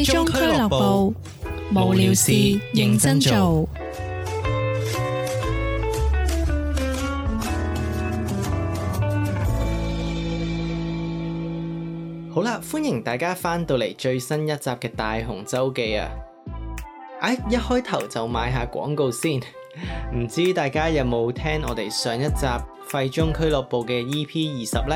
廢中俱樂部，無聊事認真做。 好啦，歡迎大家翻到嚟最新一集嘅《大雄週記》啊！哎，一開頭就賣下廣告先，唔 知大家有冇聽我哋上一集《廢中俱樂部》嘅 EP 二十呢？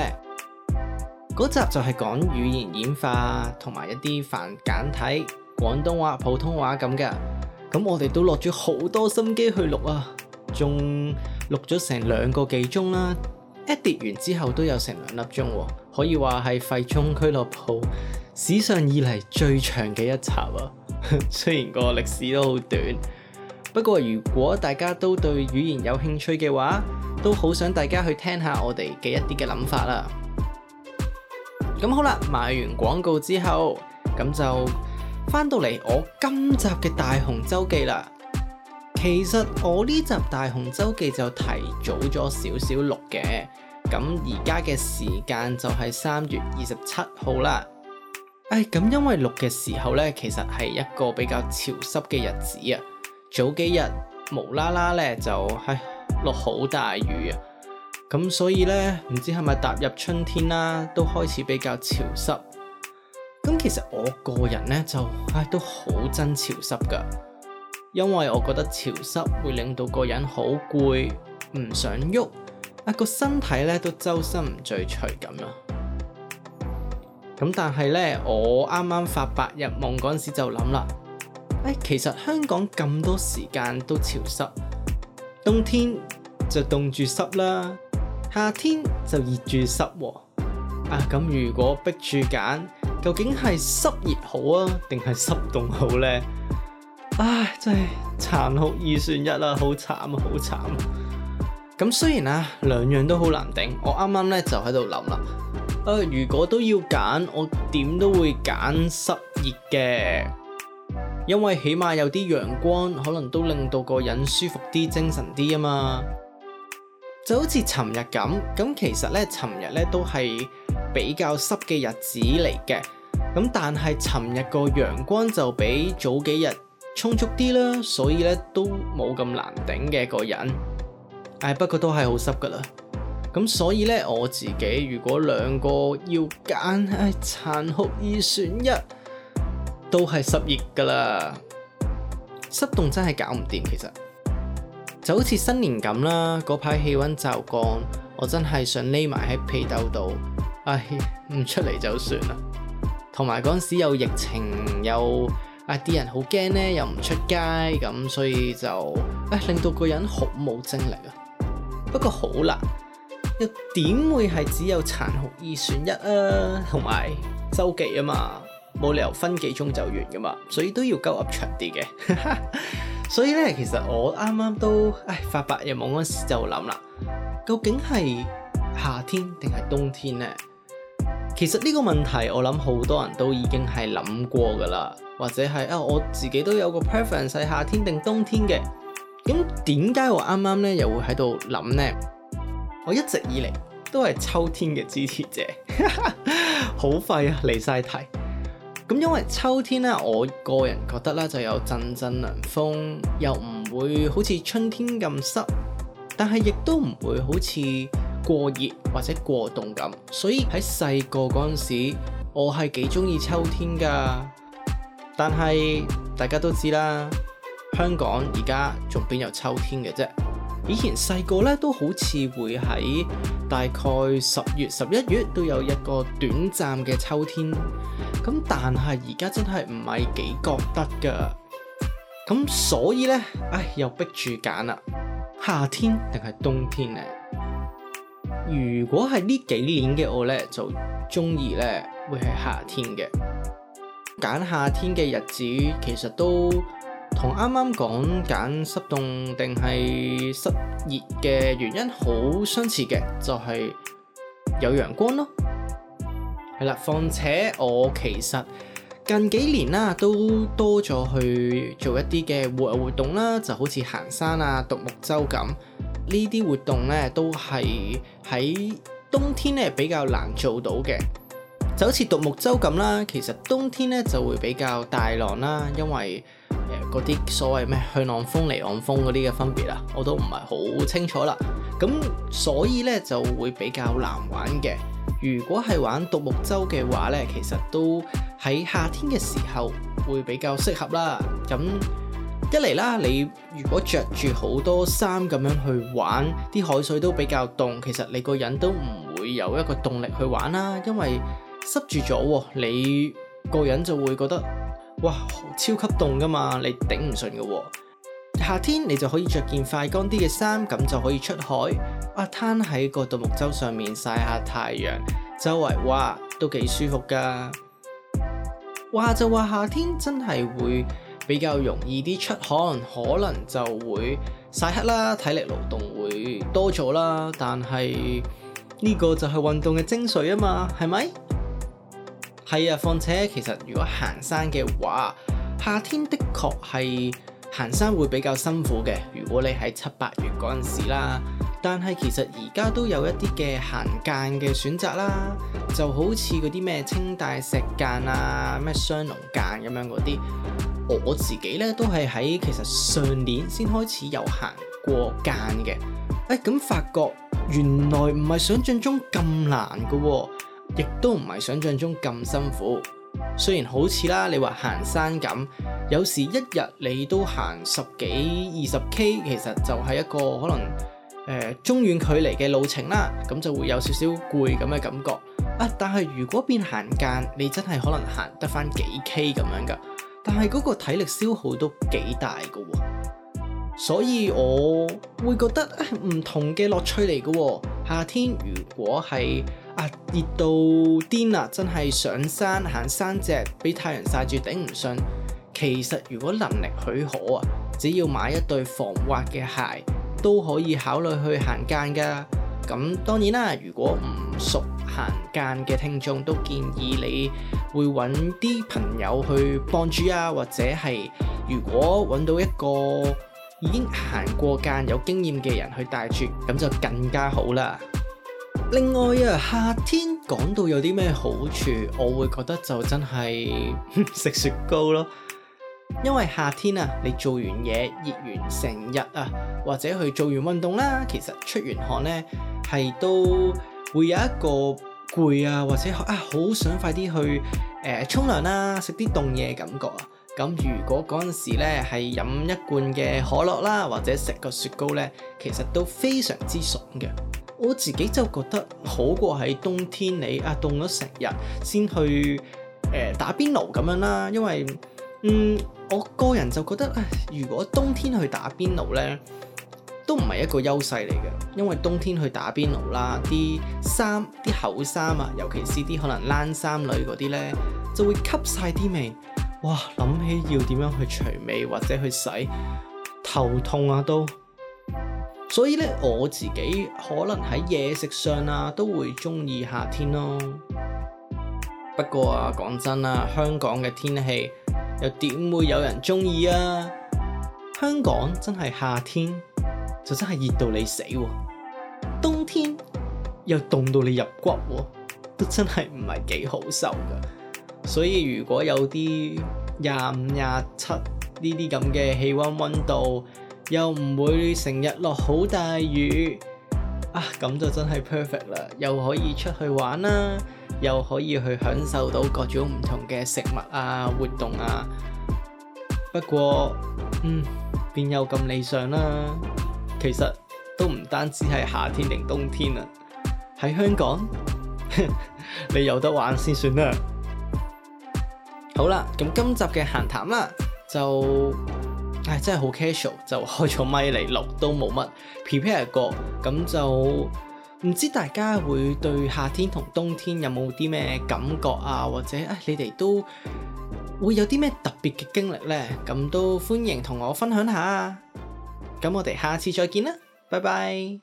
嗰集就係講語言演化同埋一啲繁簡體廣東話、普通話咁嘅，咁我哋都落咗好多心機去錄啊，仲錄咗成兩個幾鐘啦，edit 完之後都有成兩粒鐘，啊，可以話係廢中俱樂部史上以嚟最長嘅一集啊！ 雖然個歷史都好短，不過如果大家都對語言有興趣嘅話，都好想大家去聽下我哋嘅一啲嘅諗法啦。咁好啦，賣完廣告之後，咁就返到嚟我今集嘅大雄週記啦。其實我呢集大雄週記就提早咗少少錄嘅，咁而家嘅時間就係三月二十七號啦。唉、哎，咁因為錄嘅時候呢，其實係一個比較潮濕嘅日子啊，早幾日無啦啦呢，就係落好大雨啊。咁所以咧，唔知係咪踏入春天啦，都開始比較潮濕。咁其實我個人咧就，唉，都好憎潮濕噶，因為我覺得潮濕會令到個人好攰，唔想喐，啊個身體咧都周身唔聚財咁啊。咁但係咧，我啱啱發白日夢嗰陣時就諗啦，唉，其實香港咁多時間都潮濕，冬天就凍住濕啦。夏天就熱住濕喎啊！咁如果逼住揀，究竟係濕熱好啊，定係濕凍好呢？唉、啊，真係殘酷二選一啦、啊，好慘好慘！咁 雖然啊，兩樣都好難頂。我啱啱咧就喺度諗啦，誒、呃，如果都要揀，我點都會揀濕熱嘅，因為起碼有啲陽光，可能都令到個人舒服啲、精神啲啊嘛。就好似尋日咁，咁其實呢，尋日呢都係比較濕嘅日子嚟嘅，咁但係尋日個陽光就比早幾日充足啲啦，所以呢都冇咁難頂嘅個人，唉、哎，不過都係好濕噶啦，咁所以呢，我自己如果兩個要揀，唉，殘酷二選一，都係濕熱噶啦，濕凍真係搞唔掂，其實。就好似新年咁啦，嗰排氣温驟降，我真係想匿埋喺被竇度，唉，唔出嚟就算啦。同埋嗰陣時有疫情，有啊啲人好驚咧，又唔出街，咁所以就唉，令到個人好冇精力。啊。不過好啦，又點會係只有殘酷二選一啊？同埋週記啊嘛，冇理由分幾鐘就完噶嘛，所以都要夠噏長啲嘅。 所以咧，其實我啱啱都唉發白日夢嗰時就諗啦，究竟係夏天定係冬天呢？其實呢個問題，我諗好多人都已經係諗過㗎啦，或者係啊我自己都有個 preference，係夏天定冬天嘅。咁點解我啱啱咧又會喺度諗呢？我一直以嚟都係秋天嘅支持者， 好快啊，離晒題。咁因為秋天咧，我個人覺得咧就有陣陣涼風，又唔會好似春天咁濕，但係亦都唔會好似過熱或者過凍咁。所以喺細個嗰陣時，我係幾鍾意秋天㗎。但係大家都知啦，香港而家仲邊有秋天嘅啫？以前細個咧都好似會喺，大概十月、十一月都有一個短暫嘅秋天，咁但係而家真係唔係幾覺得㗎，咁所以呢，唉，又逼住揀啦，夏天定係冬天呢？如果係呢幾年嘅我呢，就鍾意呢會係夏天嘅，揀夏天嘅日子其實都。同啱啱講緊濕凍定係濕熱嘅原因好相似嘅，就係、是、有陽光咯。係啦，況且我其實近幾年啦、啊，都多咗去做一啲嘅戶外活動啦，就好似行山啊、獨木舟咁呢啲活動咧，都係喺冬天咧比較難做到嘅，就好似獨木舟咁啦。其實冬天咧就會比較大浪啦，因為嗰啲所謂咩去浪風嚟岸風嗰啲嘅分別啊，我都唔係好清楚啦。咁所以呢，就會比較難玩嘅。如果係玩獨木舟嘅話呢，其實都喺夏天嘅時候會比較適合啦。咁一嚟啦，你如果着住好多衫咁樣去玩，啲海水都比較凍，其實你個人都唔會有一個動力去玩啦，因為濕住咗，你個人就會覺得。哇，超級凍噶嘛，你頂唔順嘅喎。夏天你就可以着件快乾啲嘅衫，咁就可以出海，啊，攤喺個獨木舟上面曬下太陽，周圍哇都幾舒服噶。話就話夏天真係會比較容易啲出汗，可能就會曬黑啦，體力勞動會多咗啦。但係呢個就係運動嘅精髓啊嘛，係咪？係啊，況且其實如果行山嘅話，夏天的確係行山會比較辛苦嘅。如果你喺七八月嗰陣時啦，但係其實而家都有一啲嘅行澗嘅選擇啦，就好似嗰啲咩青大石澗啊、咩雙龍澗咁樣嗰啲。我自己呢，都係喺其實上年先開始有行過澗嘅，誒、哎、咁發覺原來唔係想像中咁難嘅喎、啊。亦都唔係想象中咁辛苦，雖然好似啦，你話行山咁，有時一日你都行十幾二十 K，其實就係一個可能誒、呃、中遠距離嘅路程啦，咁就會有少少攰咁嘅感覺啊。但係如果變行間，你真係可能行得翻幾 K 咁樣噶，但係嗰個體力消耗都幾大噶、哦，所以我會覺得唔、啊、同嘅樂趣嚟噶、哦。夏天如果係。啊！熱到癲喇！真係上山行山脊，俾太陽曬住頂唔順。其實如果能力許可啊，只要買一對防滑嘅鞋，都可以考慮去行澗㗎。咁當然啦，如果唔熟行澗嘅聽眾，都建議你會揾啲朋友去幫住啊，或者係如果揾到一個已經行過澗有經驗嘅人去帶住，咁就更加好啦。另外啊，夏天講到有啲咩好處，我會覺得就真係食 雪糕咯。因為夏天啊，你做完嘢熱完成日啊，或者去做完運動啦，其實出完汗呢，係都會有一個攰啊，或者啊好想快啲去誒沖涼啦，食啲凍嘢感覺啊。咁如果嗰陣時呢係飲一罐嘅可樂啦，或者食個雪糕呢，其實都非常之爽嘅。我自己就覺得好過喺冬天你啊凍咗成日先去誒、呃、打邊爐咁樣啦，因為嗯，我個人就覺得，如果冬天去打邊爐咧，都唔係一個優勢嚟嘅，因為冬天去打邊爐啦，啲衫啲厚衫啊，尤其係啲可能冷衫類嗰啲咧，就會吸晒啲味，哇！諗起要點樣去除味或者去洗，頭痛啊都～所以咧，我自己可能喺嘢食上啊，都會中意夏天咯。不過啊，講真啊，香港嘅天氣又點會有人中意啊？香港真係夏天就真係熱到你死啊，冬天又凍到你入骨啊，都真係唔係幾好受噶。所以如果有啲廿五、廿七呢啲咁嘅氣温温度，又唔會成日落好大雨啊，咁就真係 perfect 啦！又可以出去玩啦、啊，又可以去享受到各種唔同嘅食物啊、活動啊。不過，嗯，邊有咁理想啦、啊。其實都唔單止係夏天定冬天啊。喺香港， 你有得玩先算啦、啊。好啦，咁今集嘅閒談啦，就～係、哎、真係好 casual，就開咗咪嚟錄都冇乜 prepare 過，咁就唔知大家會對夏天同冬天有冇啲咩感覺啊，或者誒、哎、你哋都會有啲咩特別嘅經歷呢？咁都歡迎同我分享下。咁我哋下次再見啦，拜拜。